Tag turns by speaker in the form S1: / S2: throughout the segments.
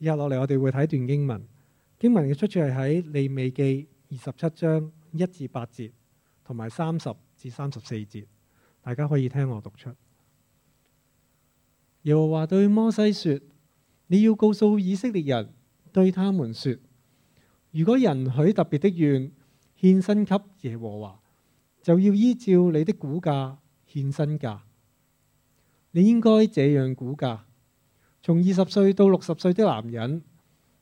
S1: 以後落嚟，我哋會睇段經文，經文嘅出處係喺利未記二十七章一至八節，同埋三十至三十四節。大家可以聽我讀出。耶和華對摩西說：你要告訴以色列人，對他們說，如果人許特別的願，獻身給耶和華，就要依照你的估價獻身價。你應該這樣估價。從二十歲到六十歲的男人，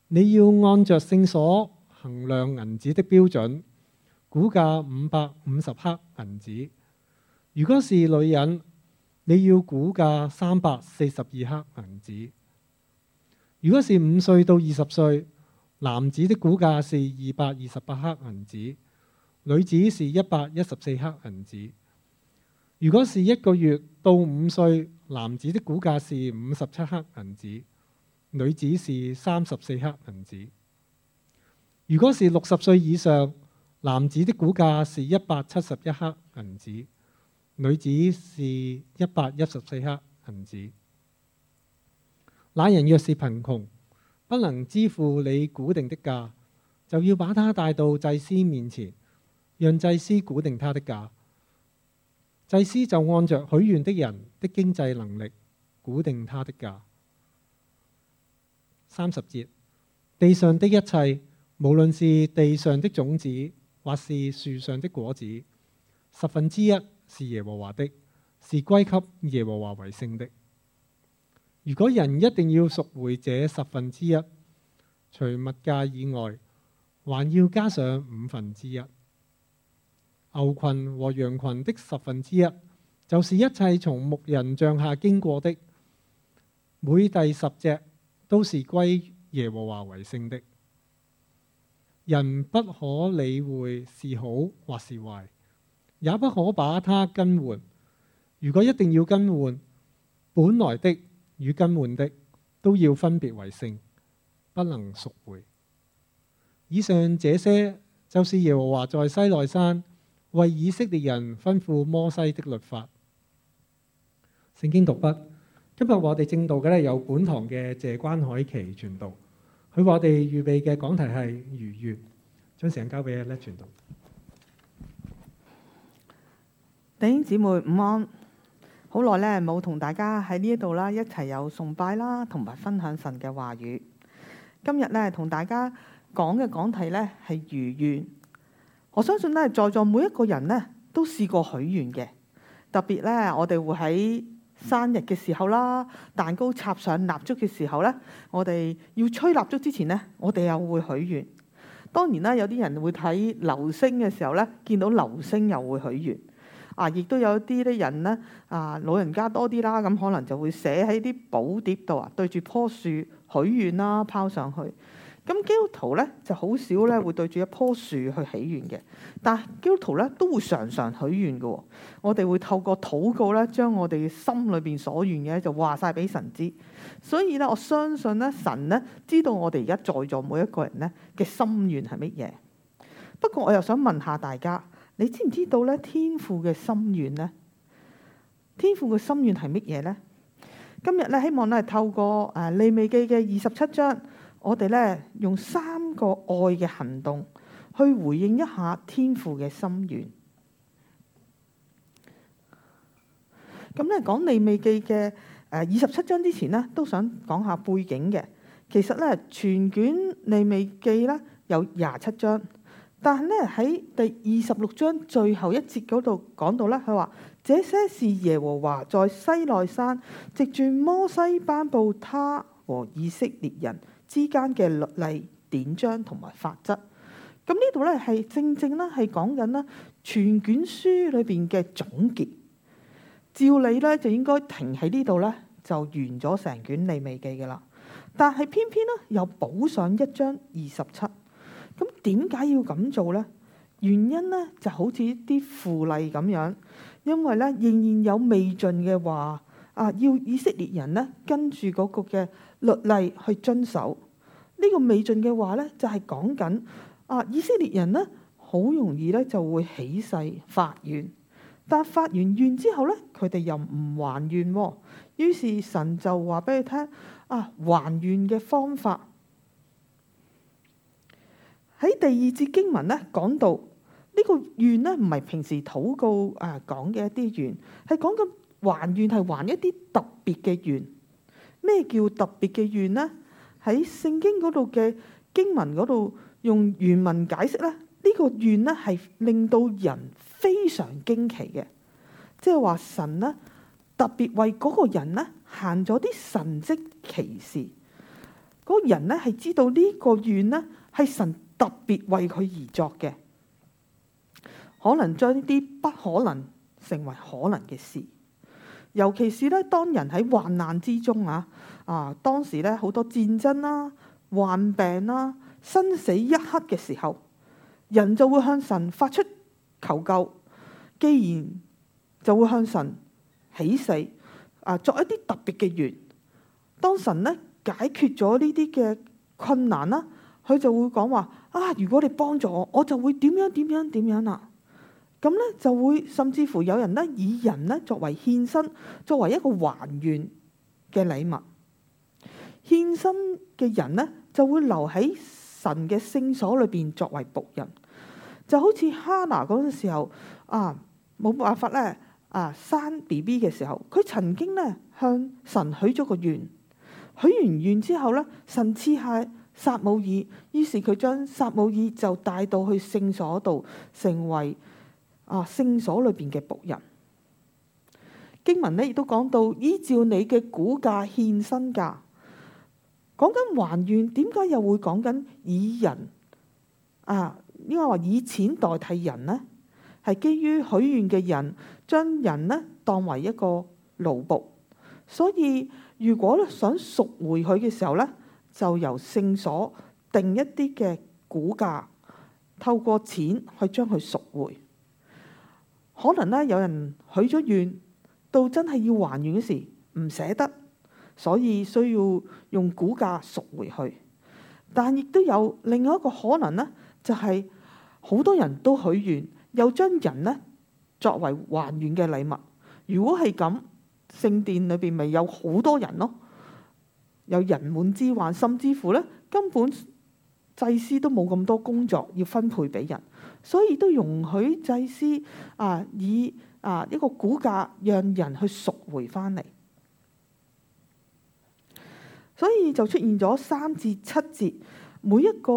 S1: 你要按着聖所衡量銀子的標準，估價五百五十克銀子。如果是女人，你要估價三百四十二克銀子。如果是五歲到二十歲，男子的估價是二百二十八克銀子，女子是一百一十四克銀子。如果是一個月到五歲，男子的估價是五十七克銀子，女子是三十四克銀子。如果是六十歲以上，男子的估價是一百七十一克銀子，女子是一百一十四克銀子。那人若是貧窮，不能支付你估定的價，就要把他帶到祭司面前，讓祭司估定他的價。祭司就按着許願的人的經濟能力，估定他的價。三十節，地上的一切，無論是地上的種子或是樹上的果子，十分之一是耶和華的，是歸給耶和華為聖的。如果人一定要贖回這十分之一，除物價以外，還要加上五分之一。牛群和羊群的十分之一，就是一切從牧人帳下經過的每第十隻都是歸耶和華為聖的。人不可理會是好或是壞，也不可把它更換。如果一定要更換，本來的與更換的都要分別為聖，不能贖回。以上這些，就是耶和華在西奈山為以色列人吩咐摩西的律法。聖經讀畢，今日我哋證道嘅咧有本堂嘅謝關海琪傳道，佢話我哋預備嘅講題係逾越，將時間交俾阿叻傳道。
S2: 弟兄姊妹午安，好耐咧冇同大家喺呢一度啦，一齊有崇拜啦，同埋分享神嘅話語。今日咧同大家講嘅講題咧係逾越。我相信咧，在座每一個人咧都試過許願嘅，特別咧，我哋會喺生日嘅時候啦，蛋糕插上蠟燭嘅時候咧，我哋要吹蠟燭之前咧，我哋又會許願。當然啦，有啲人會睇流星嘅時候咧，見到流星又會許願。啊，亦都有啲啲人咧，啊老人家多啲啦，咁可能就會寫喺啲寶碟度啊，對住棵樹許願啦，拋上去。咁基督徒咧就好少咧會對住一棵樹去許願嘅，但係基督徒咧都會常常許願嘅。喎，我哋會透過禱告咧，將我哋心裏邊所願嘅就話晒俾神知。所以咧，我相信咧，神咧知道我哋而家在座每一個人咧嘅心願係乜嘢。不過我又想問下大家，你知唔知道咧天父嘅心願咧？天父嘅心願係乜嘢咧？今日咧希望咧係透過誒、啊、利未記嘅二十七章。我哋咧用三個愛嘅行動去回應一下天父嘅心願。咁咧講利未記嘅誒二十七章之前呢，都想講下背景嘅。其實咧全卷利未記咧有廿七章，但係咧喺第二十六章最後一節嗰度講到咧，佢話這些是耶和華在西奈山藉住摩西班，頒布他和以色列人之間嘅律例典章同埋法則，咁呢度咧係正正咧係講緊咧全卷書裏邊嘅總結。照理咧就應該停喺呢度咧就完咗成卷利未記嘅啦，但係偏偏呢，又補上一章二十七。咁點解要咁做呢？原因呢，就好似啲附例咁樣，因為咧仍然有未盡嘅話啊，要以色列人呢，跟住嗰個嘅。律例去遵守呢，呢個未盡嘅話呢，就係講緊啊！以色列人呢，好容易呢就會起誓發願，但發完願之後呢，佢哋又唔還願，哦，於是神就話俾佢聽啊！還願嘅方法喺第二節經文呢講到呢，呢個願呢唔係平時禱告誒，啊、講嘅一啲願，係講緊還願係還一啲特別嘅願。咩叫特別嘅願呢？喺聖經嗰度嘅經文嗰度用原文解釋啦，呢個、呢個願呢係令到人非常驚奇嘅，即係話神呢特別為嗰個人呢行咗啲神跡奇事，嗰、嗰個人呢係知道個呢個願呢係神特別為佢而作嘅，可能將呢啲不可能成為可能嘅事。尤其是咧，當人喺患難之中啊，啊，當時咧好多戰爭啦、啊、患病啦、啊、生死一刻嘅時候，人就會向神發出求救，既然就會向神起誓，啊，作一啲特別嘅約。當神咧解決咗呢啲嘅困難啦，佢就會講話：啊，如果你幫助我，我就會點樣點樣點樣啊！咁咧就會甚至乎有人呢，以人呢作為獻身，作為一個還願嘅禮物。獻身嘅人呢，就會留喺神嘅聖所裏邊作為僕人，就好似哈拿嗰陣時候啊，冇辦法咧啊生 B B 嘅時候，佢、啊啊、曾經呢向神許咗個願，許完願之後呢，神賜下撒母耳，於是佢將撒母耳就帶到去聖所度成為。啊！聖所裏邊嘅僕人經文呢，亦都講到依照你嘅估價獻身價講緊還願，點解又會講緊以人啊？應該話以錢代替人呢，係基於許願嘅人將人呢當為一個奴僕。所以如果想贖回佢嘅時候呢，就由聖所定一啲嘅估價，透過錢去將佢贖回。可能咧有人許咗願，到真係要還願時，唔捨得，所以需要用估價贖回去。但亦都有另外一個可能呢就係、是、好多人都許願，又將人咧作為還願嘅禮物。如果係咁，聖殿裏邊咪有好多人咯，有人滿之患，甚至乎呢，根本祭司都冇咁多工作要分配俾人。所以都容許祭司啊，以啊一個估價讓人去贖回翻嚟，所以就出現咗三至七節，每一個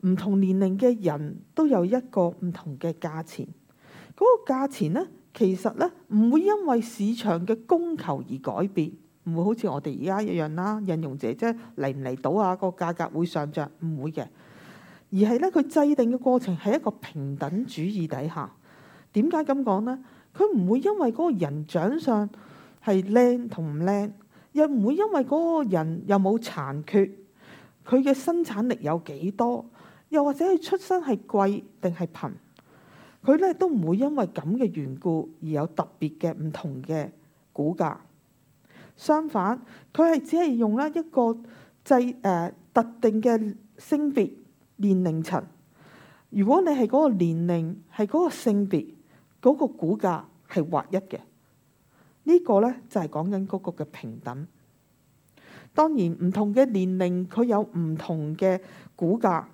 S2: 唔同年齡嘅人都有一個唔同嘅價錢。嗰個價錢咧，其實咧唔會因為市場嘅供求而改變，唔會好似我哋而家一樣啦，啊，印傭姐姐嚟唔嚟到啊，那個價格會上漲，唔會嘅。而係咧，佢制定嘅過程係一個平等主義底下。點解咁講呢？佢唔會因為嗰個人長相係靚同唔靚，又唔會因為嗰個人有冇殘缺，佢嘅生產力有幾多，又或者佢出身係貴定係貧，佢咧都唔會因為咁嘅緣故而有特別嘅唔同嘅估價。相反，佢係只係用咧一個制誒、呃、特定嘅性別，年齡層，如果你係嗰個年齡，係嗰個性別，嗰個估價係劃一嘅，呢個呢，就係講緊嗰個嘅平等。當然唔同嘅年齡，佢有唔同嘅估價。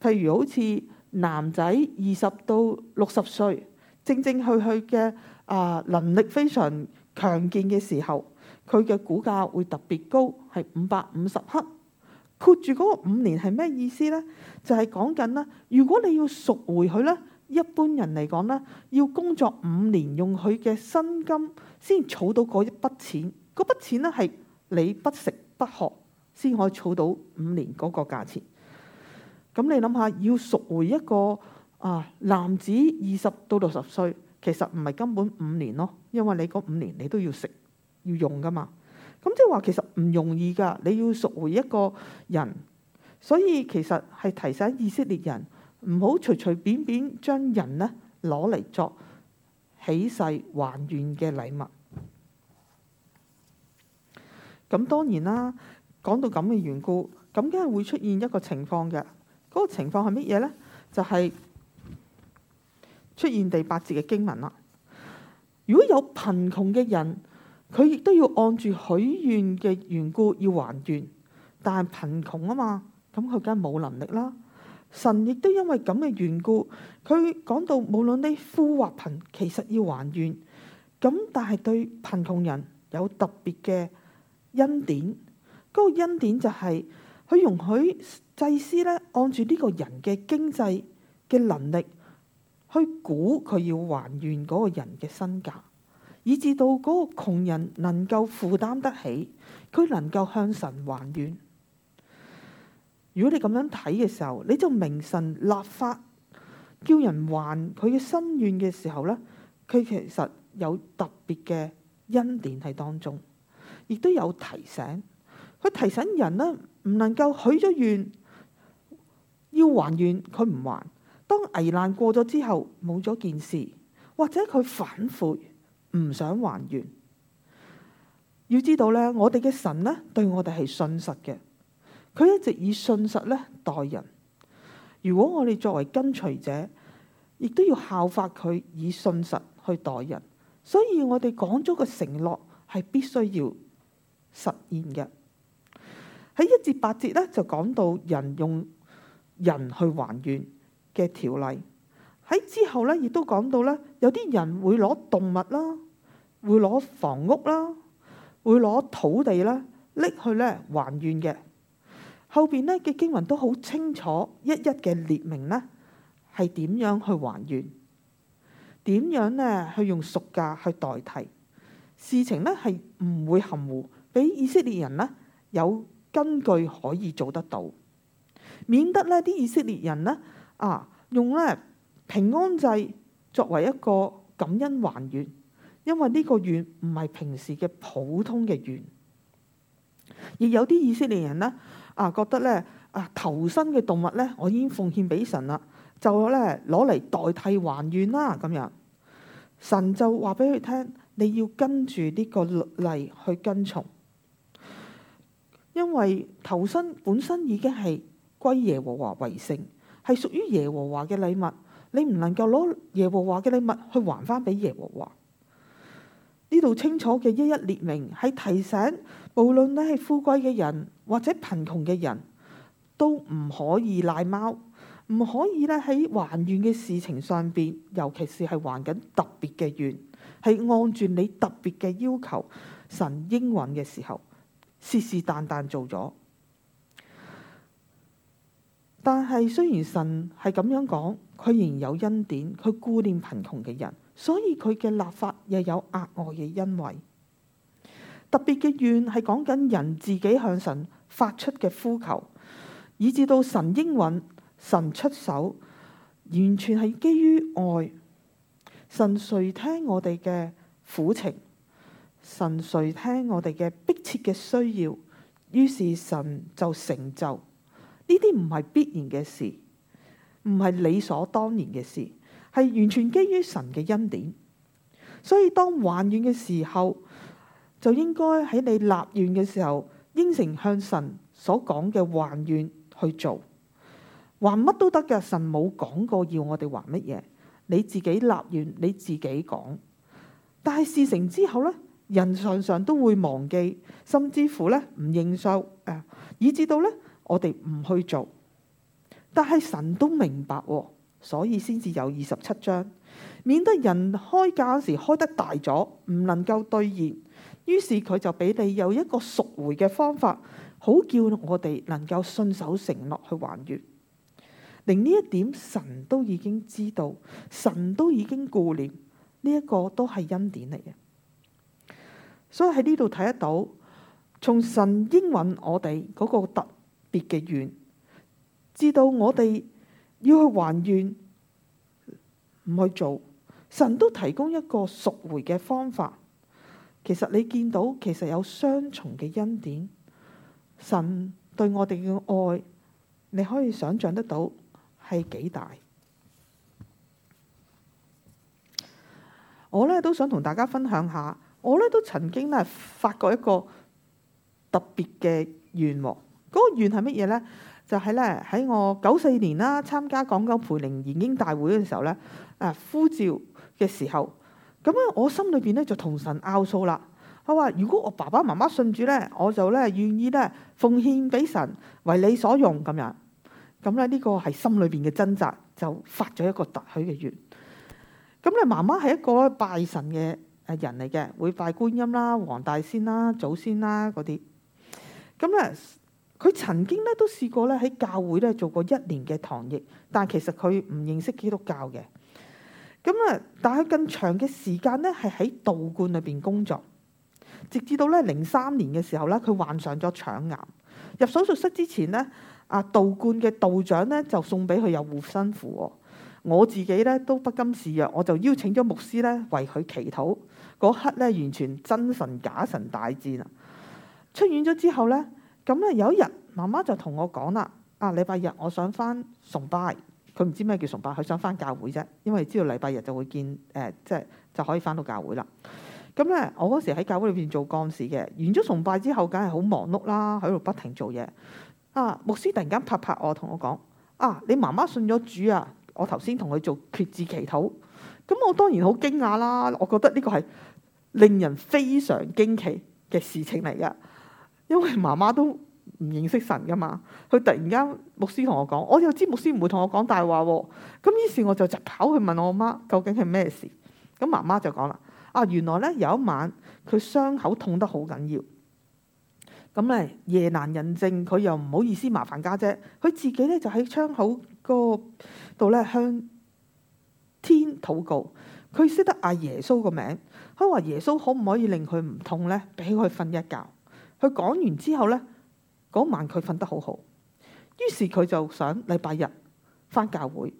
S2: 譬如好似男仔二十到六十歲，正正去去嘅啊能力非常強健嘅時候，佢嘅估價會特別高，係五百五十克。括住嗰個五年係咩意思呢？就係講緊啦，如果你要贖回佢呢，一般人嚟講呢，要工作五年用佢嘅薪金先儲到嗰一筆錢。嗰筆錢呢，係你不食不學先可以儲到五年嗰個價錢。咁你諗下，要贖回一個啊男子二十到六十歲，其實唔係根本五年咯，因為你嗰五年你都要食要用噶嘛。咁即係話其實唔容易噶你要贖回一個人，所以其實係提醒以色列人唔好隨隨便便將人咧攞嚟，作起誓還願嘅禮物。咁當然啦，講到咁嘅緣故，咁梗係會出現一個情況嘅。嗰、那個情況係乜嘢咧？就係、是、出現第八節嘅經文啦。如果有貧窮嘅人，佢亦都要按住許願嘅緣故要還願，但係貧窮啊嘛，咁佢梗係冇能力啦。神亦都因為咁嘅緣故，佢講到無論你富或貧，其實要還願。咁但係對貧窮人有特別嘅恩典，嗰個恩典就係佢容許祭司呢，按住呢個人嘅經濟嘅能力去估佢要還願嗰個人嘅身價。以至到嗰個窮人能夠負擔得起，佢能夠向神還願。如果你咁樣睇嘅時候，你就明神立法叫人還佢嘅心願嘅時候呢，佢其實有特別嘅恩典喺當中，亦都有提醒。佢提醒人呢，唔能夠許咗願，要還願，佢唔還。當危難過咗之後，冇咗件事，或者佢反悔。唔想還原，要知道咧，我哋嘅神咧對我哋係信實嘅，佢一直以信實咧待人。如果我哋作為跟隨者，亦都要效法佢以信實去待人。所以我哋講咗個承諾係必須要實現嘅。喺一至八節咧就講到人用人去還原嘅條例，喺之後咧亦都講到咧有啲人會攞動物啦。會攞房屋啦，會攞土地啦，搦去咧還願嘅。後邊咧嘅經文都好清楚，一一嘅列明咧係點樣去還願，點樣咧去用贖價去代替。事情咧係唔會含糊，俾以色列人咧有根據可以做得到，免得咧啲以色列人咧啊用咧平安祭作為一個感恩還願。因為呢個願唔係平時嘅普通嘅願，亦有啲以色列人咧啊，覺得咧啊，頭生嘅動物咧，我已經奉獻俾神啦，就咧攞嚟代替還願啦。咁樣神就話俾佢聽，你要跟住呢個例去跟從，因為頭生本身已經係歸耶和華為聖，係屬於耶和華嘅禮物，你唔能夠攞耶和華嘅禮物去還翻俾耶和華。呢度清楚嘅一一列明，係提醒，無論你係富貴嘅人或者貧窮嘅人，都唔可以賴貓，唔可以咧喺還願嘅事情上邊，尤其是係還緊特別嘅願，係按住你特別嘅要求，神應允嘅時候，是是但但做咗。但係雖然神係咁樣講，佢仍有恩典，佢顧念貧窮嘅人。所以佢嘅立法又有額外嘅恩惠，特別嘅願係講緊人自己向神發出嘅呼求，以至到神應允、神出手，完全係基於愛。神垂聽我哋嘅苦情，神垂聽我哋嘅迫切嘅需要，於是神就成就呢啲唔係必然嘅事，唔係理所當然嘅事。係完全基於神嘅恩典，所以當還願嘅時候，就應該喺你立願嘅時候，應承向神所講嘅還願去做，還乜都得嘅，神冇講過要我哋還乜嘢，你自己立願你自己講。但係事成之後呢，人常常都會忘記，甚至乎呢唔認受，呃，以至到呢我哋唔去做，但係神都明白，哦。所以先至有二十七章，免得人開價時開得大咗，唔能夠兌現。於是佢就俾你有一個贖回嘅方法，好叫我哋能夠信守承諾去還願。令呢一點神都已經知道，神都已經顧念呢一，這個都係恩典嚟嘅。所以喺呢度睇得到，從神應允我哋嗰個特別嘅願，至到我哋。要去還願唔去做，神都提供一個贖回嘅方法。其實你見到其實有雙重嘅恩典，神對我哋嘅愛，你可以想象得到係幾大。我咧都想同大家分享下，我咧都曾經咧發覺一個特別嘅願望，嗰、嗰個願係乜嘢呢？就係咧喺我九四年啦，參加港九培靈研經大會嘅時候咧，誒呼召嘅時候，咁咧我心裏邊咧就同神拗數啦。佢話如果我爸爸媽媽信主咧，我就咧願意咧奉獻俾神，為你所用咁樣。咁咧呢個係心裏邊嘅掙扎，就發咗一個特許嘅願。咁咧媽媽係一個拜神嘅誒人嚟嘅，會拜觀音啦、黃大仙啦、祖先啦嗰啲。咁咧。佢曾經咧都試過咧喺教會咧做過一年嘅堂役，但其實佢唔認識基督教嘅。咁啊，但係更長嘅時間咧係喺道觀裏邊工作，直至到咧零三年嘅時候咧，佢患上咗腸癌。入手術室之前咧，阿道觀嘅道長咧就送俾佢有護身符。我自己咧都不甘示弱，我就邀請咗牧師咧為佢祈禱。嗰刻咧完全真神假神大戰啊！出院咗之後咧。咁咧有一日，媽媽就同我講啦：啊，禮拜日我想返崇拜，佢唔知咩叫崇拜，佢想返教會啫，因為知道禮拜日就會見，誒、呃，即係就可以返到教會啦。咁咧，我嗰時喺教會裏邊做幹事嘅，完咗崇拜之後，梗係好忙碌啦，喺度不停做嘢。啊，牧師突然間拍拍我，同我講：啊，你媽媽信咗主啊！我頭先同佢做決志祈禱，咁我當然好驚訝啦，我覺得呢個係令人非常驚奇嘅事情嚟㗎。因為媽媽都唔認識神噶嘛，佢突然間牧師同我講，我又知牧師唔會同我講大話喎。咁於是我就直跑去問我媽，究竟係咩事？咁媽媽就講啦：啊，原來咧有一晚佢傷口痛得好緊要，咁咧夜難人靜，佢又唔好意思麻煩家姐，佢自己咧就喺窗口個度咧向天禱告。佢識得阿耶穌個名，佢話耶穌可唔可以令佢唔痛咧？俾佢瞓一覺。佢講完之後呢，嗰晚佢瞓得好好，於是佢就想禮拜日返教會，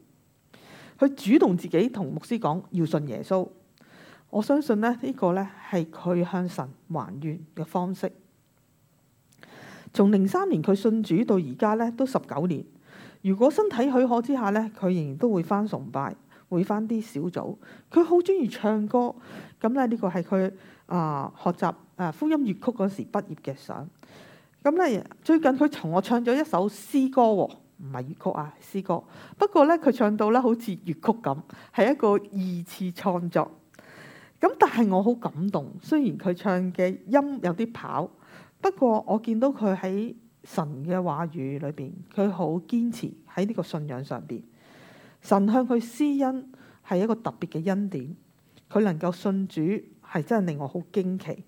S2: 佢主動自己同牧師講要信耶穌。我相信呢呢個呢，係佢向神還願嘅方式。從零三年佢信主到而家呢，都十九年，如果身體許可之下呢，佢仍然都會返崇拜，會返啲小組。佢好鍾意唱歌，噉呢，呢個係佢。啊！學習啊，福音粵曲嗰時畢業嘅相咁咧。最近佢同我唱咗一首詩歌喎，哦，唔係粵曲啊，詩歌。不過咧，佢唱到咧好似粵曲咁，係一個二次創作。咁、嗯、但係我好感動，雖然佢唱嘅音有啲跑，不過我見到佢喺神嘅話語裏邊，佢好堅持喺呢個信仰上邊。神向佢施恩係一個特別嘅恩典，佢能夠信主。係真係令我好驚奇。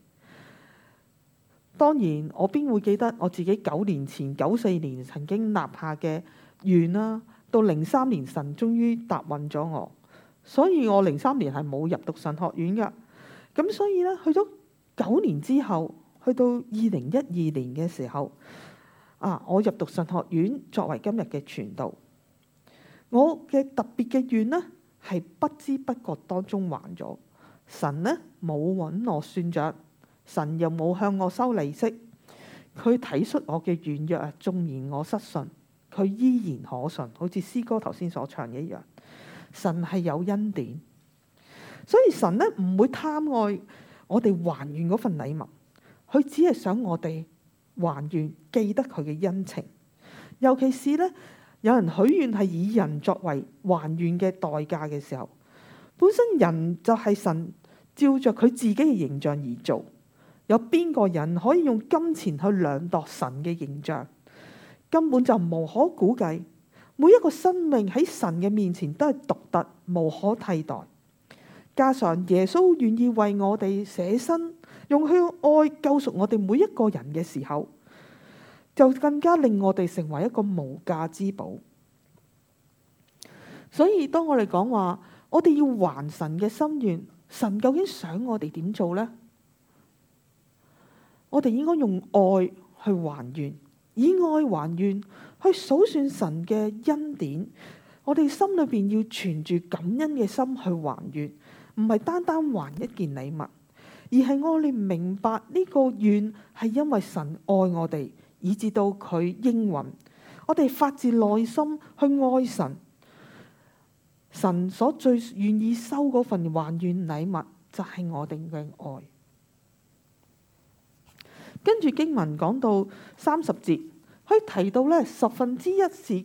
S2: 當然，我邊會記得我自己九年前、九四年曾經立下嘅願啦。到零三年，神終於答允咗我，所以我零三年係冇入讀神學院嘅。咁所以呢，去咗九年之後，去到二零一二年嘅時候，啊，我入讀神學院作為今日嘅傳道，我嘅特別嘅願呢，係不知不覺當中還咗。神呢，冇搵我算賬，神又冇向我收利息，佢睇出我嘅軟弱，縱然我失信，佢依然可信，好似詩歌頭先所唱嘅一樣。神係有恩典，所以神呢唔會貪愛我哋還願嗰份禮物，佢只係想我哋還願記得佢嘅恩情，尤其是呢，有人許願係以人作為還願嘅代價嘅時候。本身人就係神照着佢自己嘅形象而做，有邊個人可以用金錢去量度神嘅形象？根本就無可估計。每一個生命喺神嘅面前都係獨特無可替代。加上耶穌願意為我哋捨身，用去愛救贖我哋每一個人嘅時候，就更加令我哋成為一個無價之寶。所以當我哋講話。我哋要還神嘅心願，神究竟想我哋點做呢？我哋應該用愛去還願，以愛還願，去數算神嘅恩典。我哋心裏邊要存住感恩嘅心去還願，唔係單單還一件禮物，而係我哋明白呢個願係因為神愛我哋，以至到佢應允。我哋發自內心去愛神。神所最願意收嗰份還願禮物就係、是、我哋嘅愛。跟住經文講到三十節，可以提到咧，十分之一是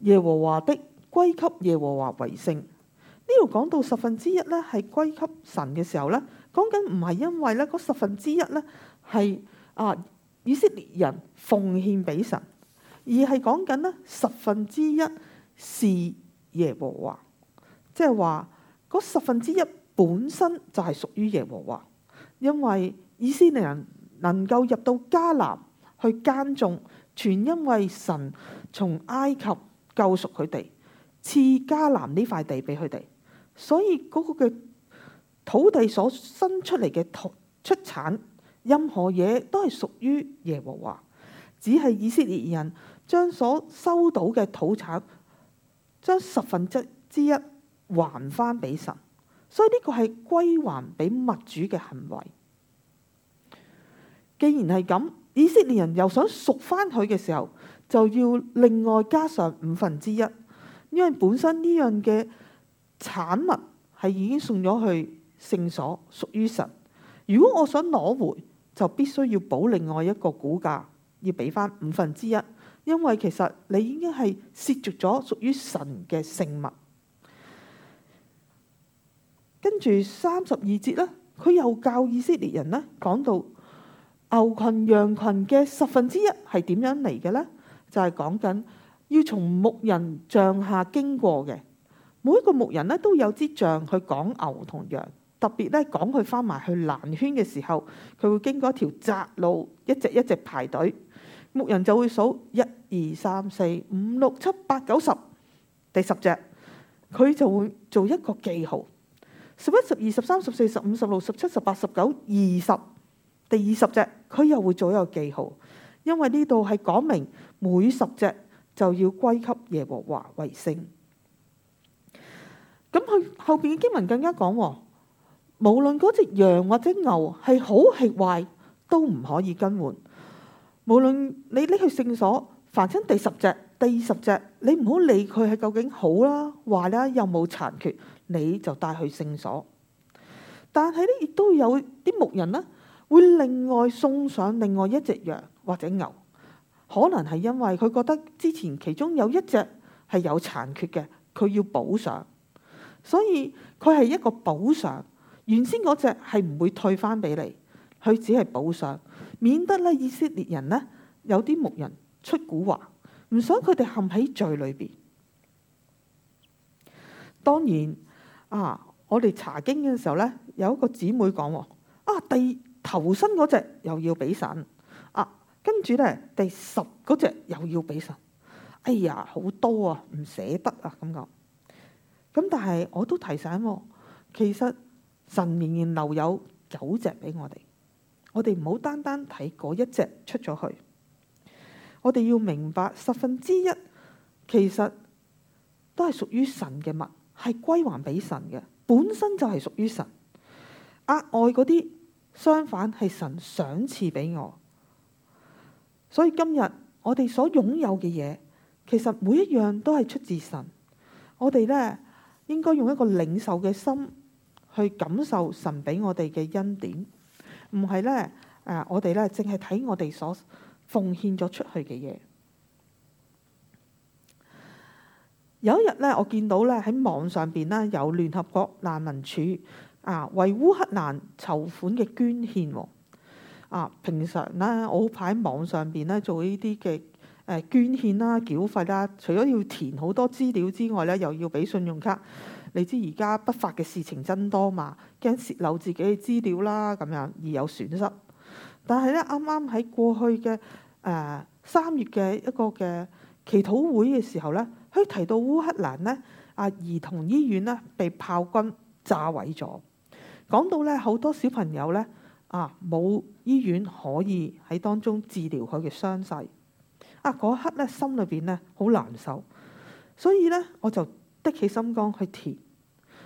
S2: 耶和華的歸給耶和華為聖。呢度講到十分之一咧係歸給神嘅時候咧，講緊唔係因為咧嗰十分之一咧係啊以色列人奉獻俾神，而係講緊咧十分之一。是耶和華，即係話嗰十分之一本身就係屬於耶和華，因為以色列人能夠入到迦南去耕種，全因為神從埃及救贖佢哋，賜迦南呢塊地俾佢哋，所以嗰個嘅土地所生出嚟嘅土出產，任何嘢都係屬於耶和華，只係以色列人將所收到嘅土產，將十分之一還翻俾神，所以呢個係歸還俾物主嘅行為。既然係咁，以色列人又想贖翻佢嘅時候，就要另外加上五分之一，因為本身呢樣嘅產物係已經送咗去聖所，屬於神。如果我想攞回，就必須要補另外一個估價，要俾翻五分之一。因為其實你已經係涉足咗屬於神嘅聖物，跟住，三十二節呢，佢又教以色列人呢講到牛群羊群嘅十分之一係點樣嚟嘅呢？就係、是、講緊要從牧人杖下經過嘅，每一個牧人呢都有支杖去講牛同羊，特別咧講佢返埋去欄圈嘅時候，佢會經過一條窄路，一直一直排隊。牧人就會數一二三四五六七八九十，第十隻佢就會做一個記號。十一、十二、十三、十四、十五、十六、十七、十八、十九、二十，第二十隻佢又會做一個記號。因為呢度係講明每十隻就要歸給耶和華為聖。咁佢後邊嘅經文更加講，無論嗰隻羊或者牛係好係壞，都唔可以更換。無論你拎去聖所，凡親第十隻、第二十隻，你唔好理佢係究竟好啦、壞啦，有冇殘缺，你就帶去聖所。但係呢，亦都有啲牧人呢，會另外送上另外一隻羊或者牛，可能係因為佢覺得之前其中有一隻係有殘缺嘅，佢要補上，所以佢係一個補償。原先嗰隻係唔會退翻俾你。佢只係補上，免得咧以色列人咧，有啲牧人出古話，唔想佢哋陷喺罪裏邊。當然啊，我哋查經嘅時候咧，有一個姊妹講：啊，第頭身嗰隻又要俾神，啊，跟住呢第十嗰隻又要俾神。哎呀，好多啊，唔捨得啊，咁講。咁但係我都提醒，其實神仍然留有九隻俾我哋。我哋唔好單單睇嗰一隻出咗去，我哋要明白十分之一其實都係屬於神嘅物，係歸還俾神嘅，本身就係屬於神。額外嗰啲相反係神賞賜俾我，所以今日我哋所擁有嘅嘢，其實每一樣都係出自神我呢。我哋咧應該用一個領受嘅心去感受神俾我哋嘅恩典。唔係咧，誒，我哋咧淨係睇我哋所奉獻咗出去嘅嘢。有一日咧，我見到咧喺網上邊咧有聯合國難民署啊，為烏克蘭籌款嘅捐獻喎。啊，平常咧我好怕喺網上邊咧做呢啲嘅誒捐獻啦、繳費啦，除咗要填好多資料之外咧，又要俾信用卡。你知而家不法嘅事情真多嘛？驚泄漏自己嘅資料啦，咁樣而有損失。但係咧，啱啱喺過去嘅誒三月嘅一個嘅祈禱會嘅時候咧，佢提到烏克蘭咧啊，兒童醫院咧被炮轟炸毀咗，講到咧好多小朋友咧啊，冇醫院可以喺當中治療佢嘅傷勢。啊，嗰刻咧心裏邊咧好難受，所以咧我就，的起心肝去填，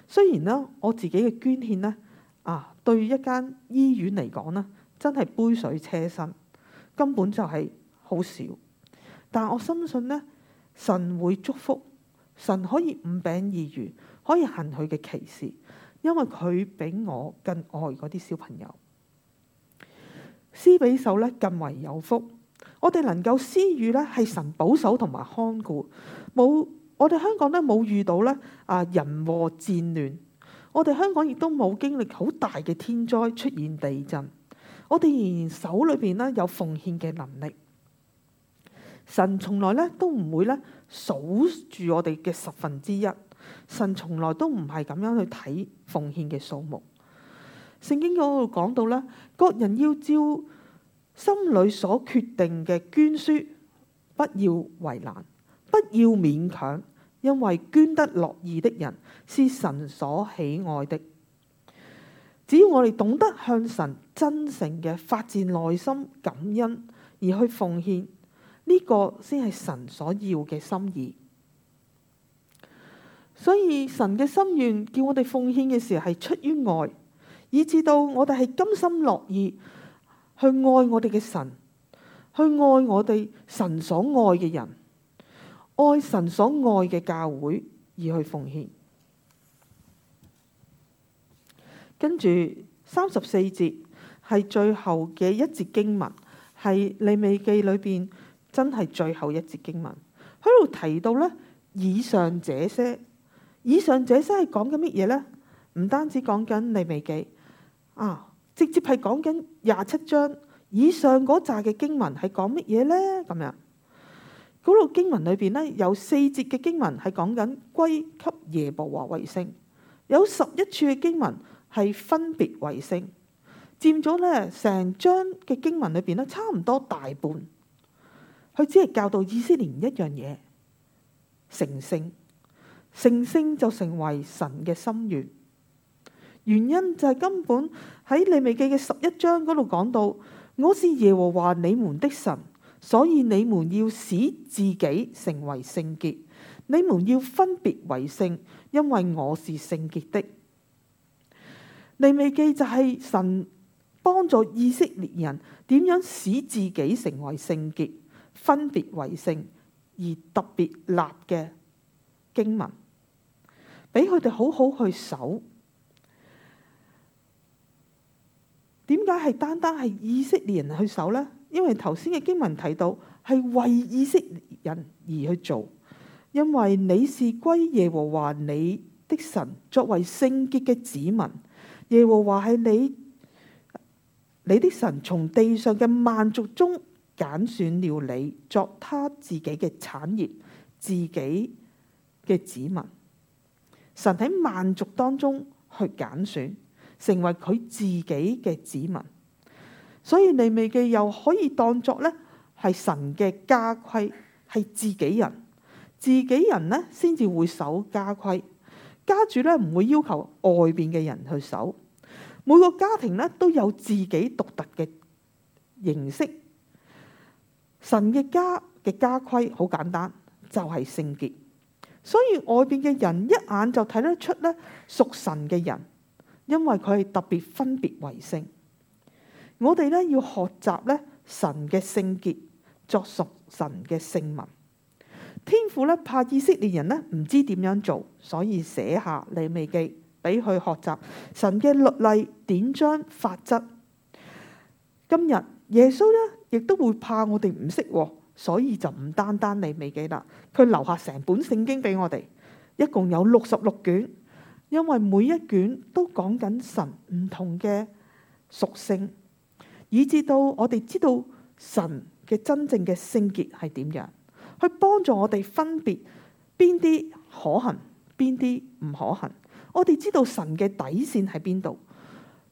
S2: 雖然咧我自己嘅捐獻咧啊，對一間醫院嚟講咧，真係杯水車薪，根本就係好少。但我深信咧，神會祝福，神可以五餅二魚，可以行佢嘅奇事，因為佢比我更愛嗰啲小朋友。施比受呢，更為有福，我哋能夠施予呢，係神保守同埋看顧，冇。我哋香港咧冇遇到咧啊人禍戰亂，我哋香港亦都冇經歷好大嘅天災出現地震，我哋仍然手裏邊咧有奉獻嘅能力。神從來咧都唔會咧數住我哋嘅十分之一，神從來都唔係咁樣去睇奉獻嘅數目。聖經嗰度講到咧，各人要照心裏所決定嘅捐輸，不要為難。不要勉強，因為捐得樂意的人是神所喜愛的。只要我哋懂得向神真誠嘅發自內心感恩而去奉獻，呢個先係神所要嘅心意。所以神嘅心願叫我哋奉獻嘅時候係出於愛，以至到我哋係甘心樂意去愛我哋嘅神，去愛我哋神所愛嘅人。愛神所愛嘅教會而去奉獻，跟住三十四節係最後嘅一節經文，係利未記裏邊真係最後一節經文。喺度提到呢，以上這些，以上這些係講緊乜嘢呢？唔單止講緊利未記啊，直接係講緊廿七章以上嗰扎嘅經文係講乜嘢呢？咁樣。嗰度經文裏邊呢，有四節嘅經文係講緊歸給耶和華為聖，有十一處嘅經文係分別為聖，佔咗呢成章嘅經文裏邊咧差唔多大半。佢只係教導以色列一樣嘢，成聖，成聖就成為神嘅心願。原因就係根本喺利未記嘅十一章嗰度講到，我是耶和華你們的神。所以你們要使自己成為聖潔，你們要分別為聖，因為我是聖潔的。利未記就係神幫助以色列人點樣使自己成為聖潔、分別為聖而特別立嘅經文，俾佢哋好好去守。點解係單單係以色列人去守呢？因為頭先嘅經文提到，係為以色列人而去做。因為你是歸耶和華你的神，作為聖潔嘅子民。耶和華係你，你的神從地上嘅萬族中揀選了你，作他自己嘅產業，自己嘅子民。神喺萬族當中去揀選，成為佢自己嘅子民。所以利未記又可以當作咧係神嘅家規，係自己人，自己人咧先至會守家規。家主咧唔會要求外邊嘅人去守。每個家庭咧都有自己獨特嘅形式。神嘅家嘅家規好簡單，就係聖潔。所以外邊嘅人一眼就睇得出咧屬神嘅人，因為佢係特別分別為聖。我哋咧要學習咧神嘅聖潔，作屬神嘅聖文。天父咧怕以色列人呢唔知點樣做，所以寫下利未記俾佢學習神嘅律例、典章、法則。今日耶穌咧亦都會怕我哋唔識，所以就唔單單利未記啦，佢留下成本聖經俾我哋，一共有六十六卷，因為每一卷都講緊神唔同嘅屬性。以至到我哋知道神嘅真正嘅性結係點樣，去幫助我哋分別邊啲可行，邊啲唔可行。我哋知道神嘅底線喺邊度，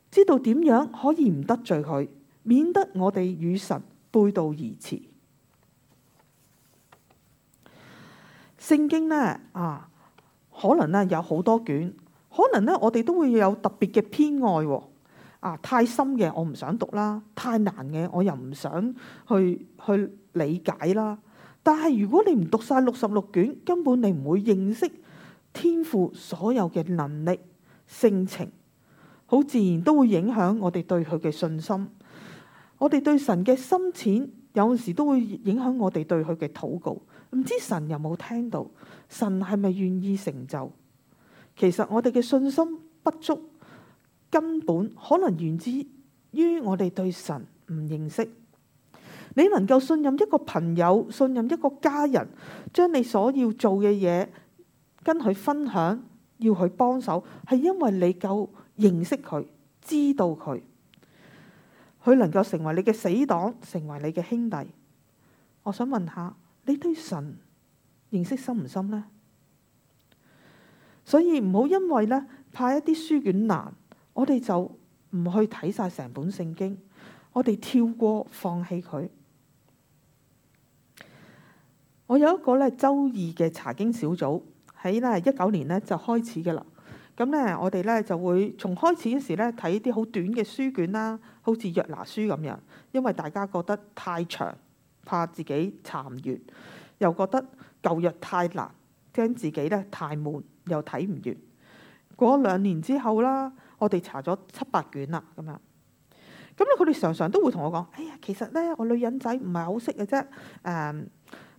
S2: 知道點樣可以唔得罪佢，免得我哋與神背道而馳。聖經呢，啊，可能呢有好多卷，可能呢我哋都會有特別嘅偏愛。啊！太深嘅我唔想讀啦，太難嘅我又唔想去去理解啦。但係如果你唔讀晒六十六卷，根本你唔會認識天父所有嘅能力、性情，好自然都會影響我哋對佢嘅信心。我哋對神嘅深淺，有陣時都會影響我哋對佢嘅禱告。唔知神有冇聽到？神係咪願意成就？其實我哋嘅信心不足。根本可能源自於我哋對神唔認識。你能夠信任一個朋友，信任一個家人，將你所要做嘅嘢跟佢分享，要佢幫手，係因為你夠認識佢，知道佢，佢能夠成為你嘅死黨，成為你嘅兄弟。我想問下，你對神認識深唔深呢？所以唔好因為呢，怕一啲書卷難。我哋就唔去睇晒成本聖經，我哋跳過放棄佢。我有一個咧週二嘅查經小組喺呢一九年咧就開始嘅啦。咁咧我哋咧就會從開始嘅時咧睇啲好短嘅書卷啦，好似約拿書咁樣，因為大家覺得太長，怕自己查唔完，又覺得舊約太難，驚自己咧太悶，又睇唔完。過兩年之後啦。我哋查咗七八卷啦，咁樣咁咧，佢哋常常都會同我講：哎呀，其實咧，我女人仔唔係好識嘅啫。誒、嗯，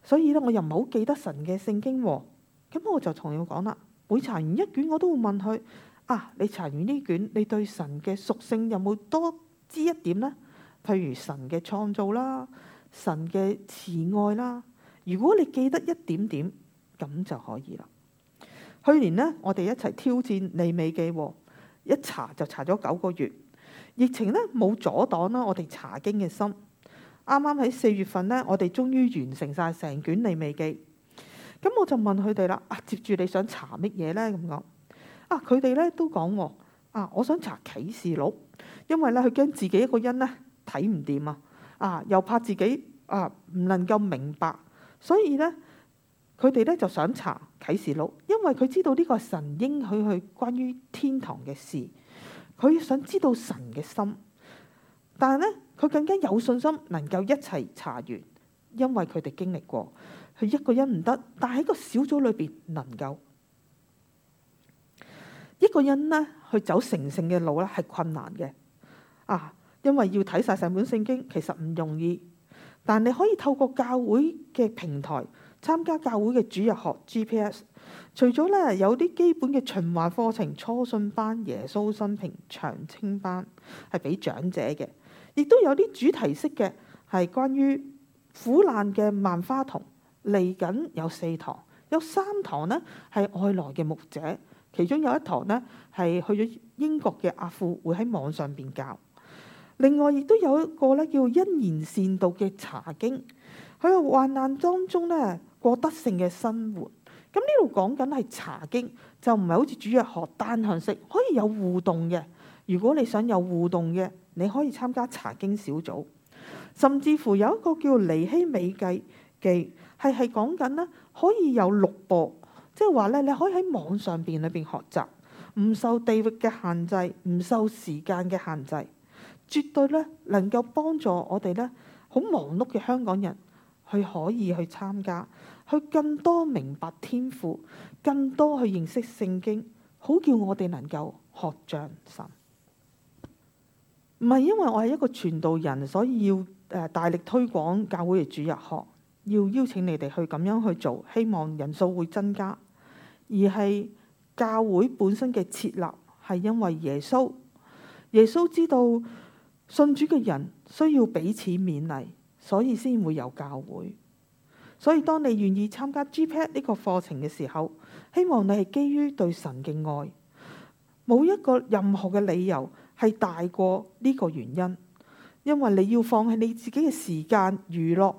S2: 所以咧，我又唔好記得神嘅聖經。咁我就同佢講啦，每查完一卷，我都會問佢：啊，你查完呢卷，你對神嘅屬性有冇多知一點呢？譬如神嘅創造啦，神嘅慈愛啦。如果你記得一點點，咁就可以啦。去年呢，我哋一齊挑戰利未記。一查就查咗九個月，疫情咧冇阻擋啦，我哋查經嘅心。啱啱喺四月份咧，我哋終於完成晒成卷利未記。咁我就問佢哋啦：啊，接住你想查乜嘢咧？咁講啊，佢哋咧都講喎啊，我想查啟示錄，因為咧佢驚自己一個人咧睇唔掂啊，啊又怕自己啊唔能夠明白，所以咧。佢哋咧就想查啟示錄，因為佢知道呢個神應許去，去關於天堂嘅事，佢想知道神嘅心。但係咧，佢更加有信心能夠一齊查完，因為佢哋經歷過，佢一個人唔得，但係喺個小組裏邊能夠。一個人呢，去走成聖嘅路咧係困難嘅啊，因為要睇晒成本聖經其實唔容易，但你可以透過教會嘅平台。參加教會嘅主日學 GPS，除咗呢有啲基本嘅循環課程，初信班、耶穌生平、長青班係俾長者嘅，亦都有啲主題式嘅，係關於苦難嘅萬花筒。嚟緊有四堂，有三堂呢係外來嘅牧者，其中有一堂呢係去咗英國嘅阿父會喺網上邊教。另外亦都有一個呢叫恩言善道嘅查經。喺個患難當中呢，過得性嘅生活，咁呢度講緊係查經，就唔係好似主日學單向式，可以有互動嘅。如果你想有互動嘅，你可以參加查經小組，甚至乎有一個叫尼希米記，係係講緊咧可以有錄播，即係話咧你可以喺網上邊裏邊學習，唔受地域嘅限制，唔受時間嘅限制，絕對咧能夠幫助我哋咧好忙碌嘅香港人去可以去參加。去更多明白天父，更多去認識聖經，好叫我哋能夠學像神。唔係因為我係一個傳道人，所以要誒，大力推廣教會嘅主日學，要邀請你哋去咁樣去做，希望人數會增加。而係教會本身嘅設立，係因為耶穌。耶穌知道信主嘅人需要彼此勉勵，所以先會有教會。所以，當你願意參加 GPA 呢個課程嘅時候，希望你係基於對神嘅愛，冇一個任何嘅理由係大過呢個原因。因為你要放棄你自己嘅時間、娛樂，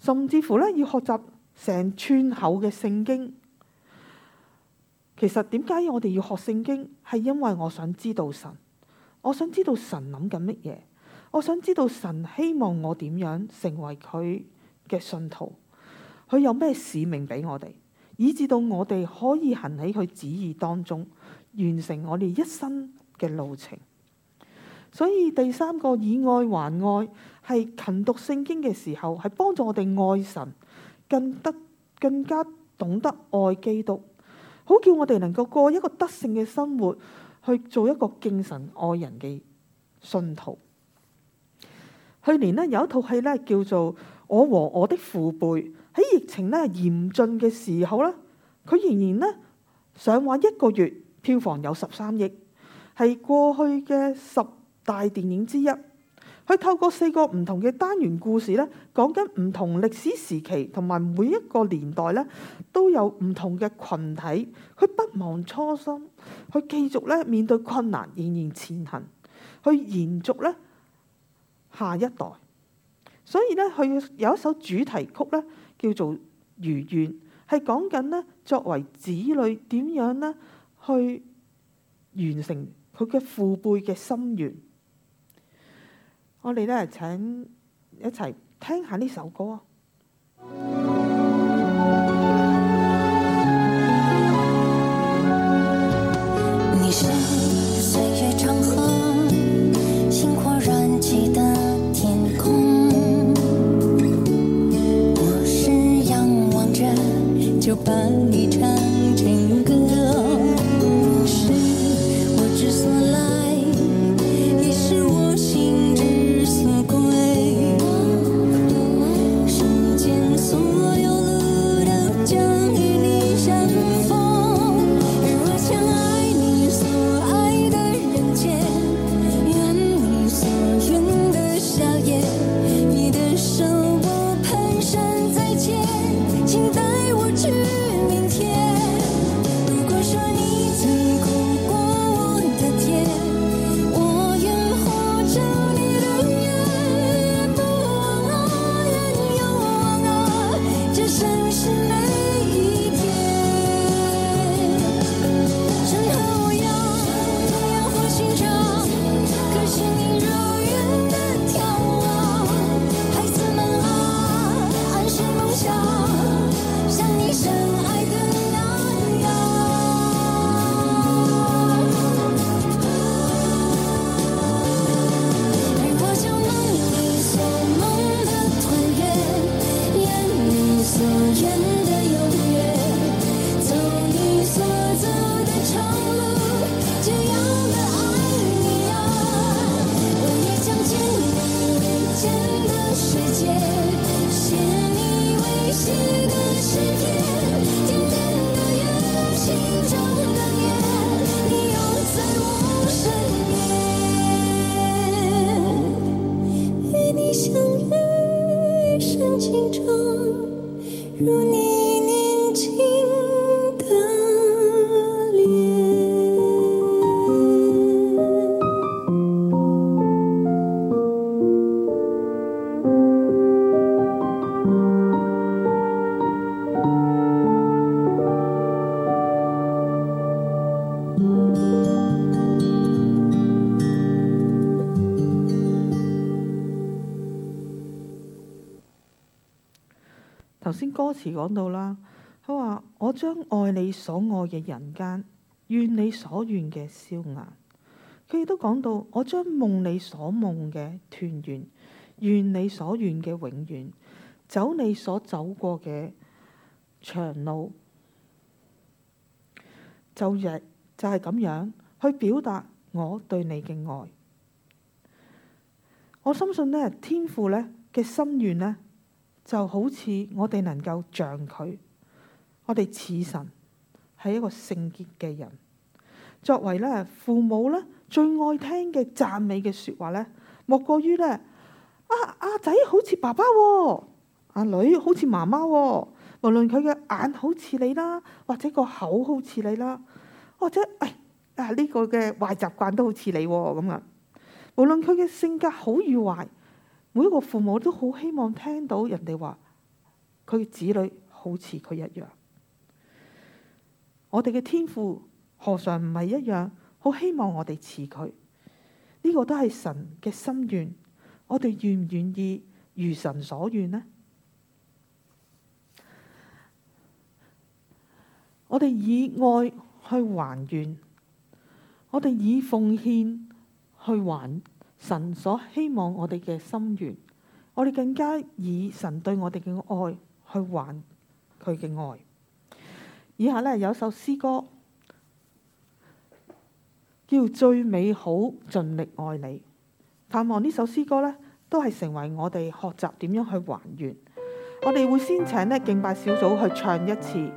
S2: 甚至乎呢，要學習成串口嘅聖經。其實點解我哋要學聖經係因為我想知道神，我想知道神諗緊乜嘢，我想知道神希望我點樣成為佢嘅信徒。佢有咩使命俾我哋，以致到我哋可以行喺佢旨意當中，完成我哋一生嘅路程。所以第三個以愛還愛，係勤讀聖經嘅時候，係幫助我哋愛神，更得更加懂得愛基督，好叫我哋能夠過一個得勝嘅生活，去做一個敬神愛人嘅信徒。去年呢，有一套戲呢，叫做《我和我的父輩》。喺疫情咧嚴峻嘅時候咧，佢仍然咧上畫一個月票房有十三億，係過去嘅十大電影之一。佢透過四個唔同嘅單元故事咧，講緊唔同歷史時期同埋每一個年代咧都有唔同嘅群體。佢不忘初心，佢繼續咧面對困難，仍然前行，去延續咧下一代。所以咧，佢有一首主題曲咧。叫做如願，係講緊咧作為子女點樣咧去完成佢嘅父輩嘅心願。我哋都係請一齊聽下呢首歌。
S3: 啊。
S2: 多次講到啦，佢話我將愛你所愛嘅人間，願你所願嘅笑顏。佢亦都講到我將夢你所夢嘅團圓，願你所願嘅永遠，走你所走過嘅長路。就日就係咁樣去表達我對你嘅愛。我相信呢天父呢嘅心願呢。就好似我哋能夠像佢，我哋似神係一個聖潔嘅人。作為咧父母咧，最愛聽嘅讚美嘅説話咧，莫過於咧，啊阿仔、啊、好似爸爸、啊，阿女好似媽媽、啊。無論佢嘅眼好似你啦、啊，或者個口好似你啦、啊，或者哎啊呢個嘅壞習慣都好似你咁啊。無論佢嘅性格好與壞，每一個父母都好希望聽到人哋話佢嘅子女好似佢一樣，我哋嘅天父何嘗唔係一樣？好希望我哋似佢，呢個都係神嘅心願。我哋願唔願意如神所願呢？我哋以愛去還願，我哋以奉獻去還。神所希望我哋嘅心願，我哋更加以神對我哋嘅愛去還佢嘅愛。以下呢，有首詩歌叫《最美好盡力愛你》，盼望呢首詩歌呢，都係成為我哋學習點樣去還原。我哋會先請呢敬拜小組去唱一次，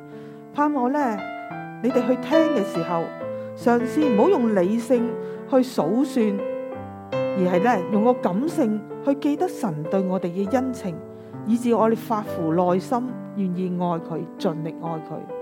S2: 盼望呢，你哋去聽嘅時候，嘗試唔好用理性去數算。而係咧，用個感性去記得神對我哋嘅恩情，以至我哋發乎內心，願意愛佢，盡力愛佢。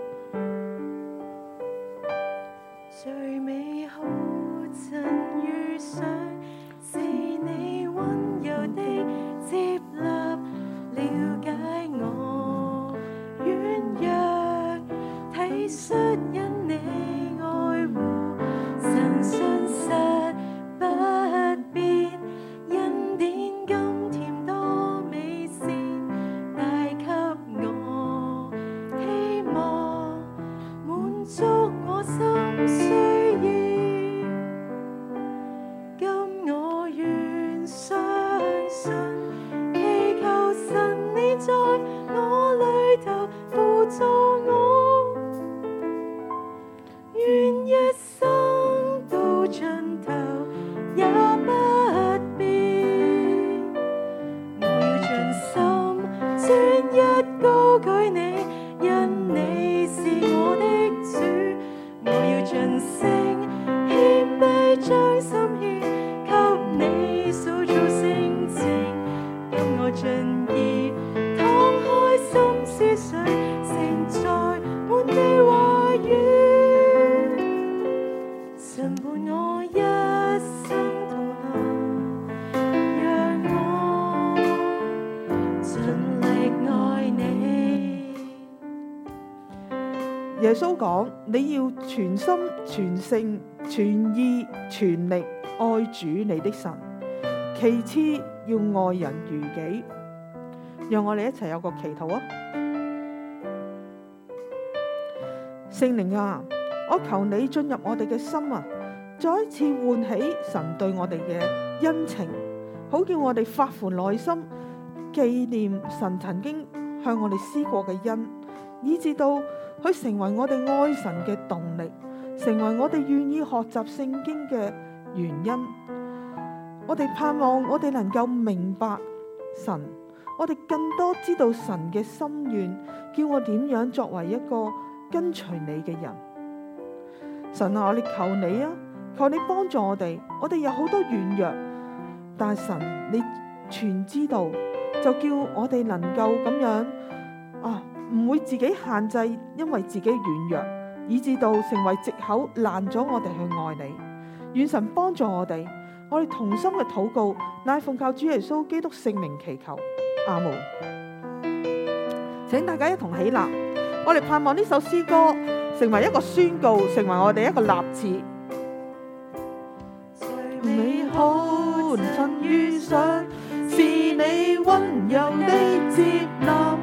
S2: 都講你要全心、全性、全意、全力愛主你的神，其次要愛人如己。讓我哋一齊有個祈禱啊！聖靈啊，我求你進入我哋嘅心啊，再一次喚起神對我哋嘅恩情，好叫我哋發乎內心紀念神曾經向我哋施過嘅恩。以至到佢成為我哋愛神嘅動力，成為我哋願意學習聖經嘅原因。我哋盼望我哋能夠明白神，我哋更多知道神嘅心願，叫我點樣作為一個跟隨你嘅人。神啊，我哋求你啊，求你幫助我哋。我哋有好多軟弱，但神你全知道，就叫我哋能夠咁樣啊。唔會自己限制，因為自己軟弱，以致到成為借口，攔咗我哋去愛你。願神幫助我哋，我哋同心嘅禱告，乃奉靠主耶穌基督聖名祈求，阿門。請大家一同起立，我哋盼望呢首詩歌成為一個宣告，成為我哋一個立志。最美
S4: 好的遇上，是你溫柔的接納。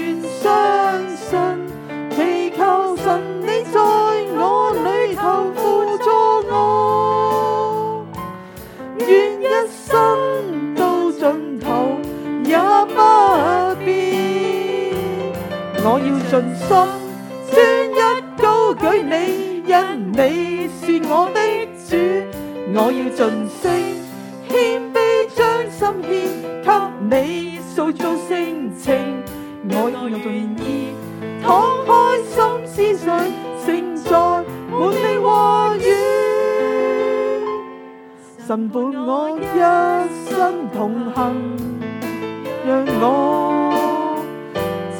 S4: 我要盡心，專一高舉你，因你是我的主。我要盡聲，謙卑將心獻給你，訴做性情。我要用盡意，敞開心思想，勝在滿地話語。神伴我一生同行，讓我。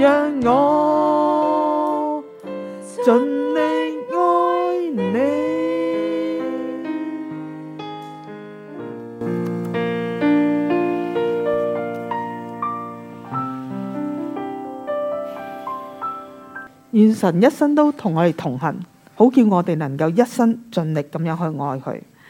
S4: 讓我盡力愛你。
S2: 願神一生都同我哋同行，好叫我哋能夠一生盡力咁樣去愛佢。